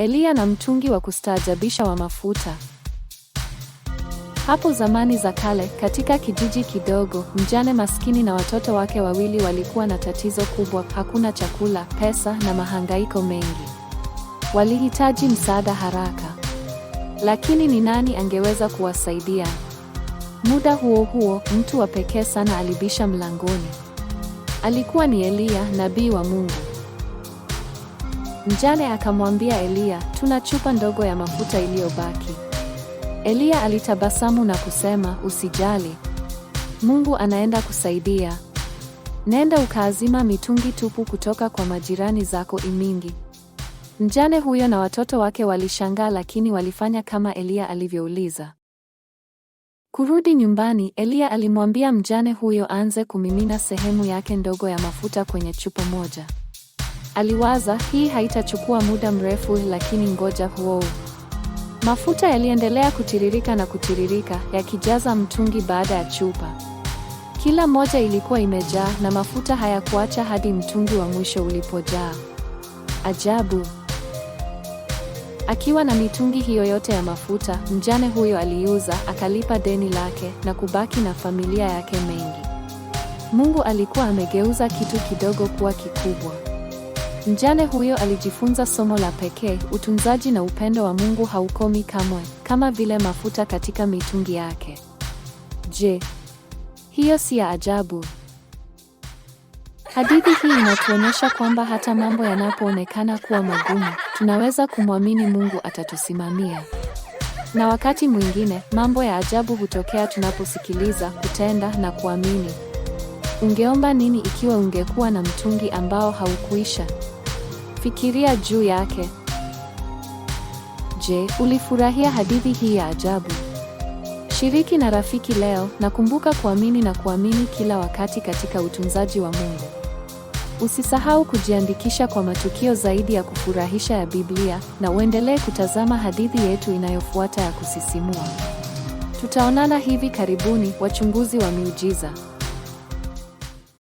Eliya na mtungi wa kustaajabisha wa mafuta. Hapo zamani za kale, katika kijiji kidogo, mjane maskini na watoto wake wawili walikuwa na tatizo kubwa: hakuna chakula, pesa na mahangaiko mengi. Walihitaji msaada haraka, lakini ni nani angeweza kuwasaidia? Muda huo huo, mtu wa pekee sana alibisha mlangoni. Alikuwa ni Eliya, nabii wa Mungu. Mjane akamwambia Eliya, tuna chupa ndogo ya mafuta iliyobaki. Eliya alitabasamu na kusema, usijali, Mungu anaenda kusaidia. Nenda ukaazima mitungi tupu kutoka kwa majirani zako Imingi. Mjane huyo na watoto wake walishangaa, lakini walifanya kama Eliya alivyouliza. Kurudi nyumbani, Eliya alimwambia mjane huyo aanze kumimina sehemu yake ndogo ya mafuta kwenye chupa moja. Aliwaza, hii haitachukua muda mrefu, lakini ngoja huo. Mafuta yaliendelea kutiririka na kutiririka, yakijaza mtungi baada ya chupa. Kila moja ilikuwa imejaa, na mafuta hayakuacha hadi mtungi wa mwisho ulipojaa. Ajabu! Akiwa na mitungi hiyo yote ya mafuta, mjane huyo aliuza akalipa deni lake na kubaki na familia yake mengi. Mungu alikuwa amegeuza kitu kidogo kuwa kikubwa. Mjane huyo alijifunza somo la pekee, utunzaji na upendo wa Mungu haukomi kamwe, kama vile mafuta katika mitungi yake. Je, hiyo si ya ajabu? Hadithi hii inatuonyesha kwamba hata mambo yanapoonekana kuwa magumu, tunaweza kumwamini Mungu atatusimamia. Na wakati mwingine, mambo ya ajabu hutokea tunaposikiliza, kutenda na kuamini. Ungeomba nini ikiwa ungekuwa na mtungi ambao haukuisha? Fikiria juu yake. Je, ulifurahia hadithi hii ya ajabu? Shiriki na rafiki leo na kumbuka kuamini na kuamini kila wakati katika utunzaji wa Mungu. Usisahau kujiandikisha kwa matukio zaidi ya kufurahisha ya Biblia na uendelee kutazama hadithi yetu inayofuata ya kusisimua. Tutaonana hivi karibuni, wachunguzi wa miujiza.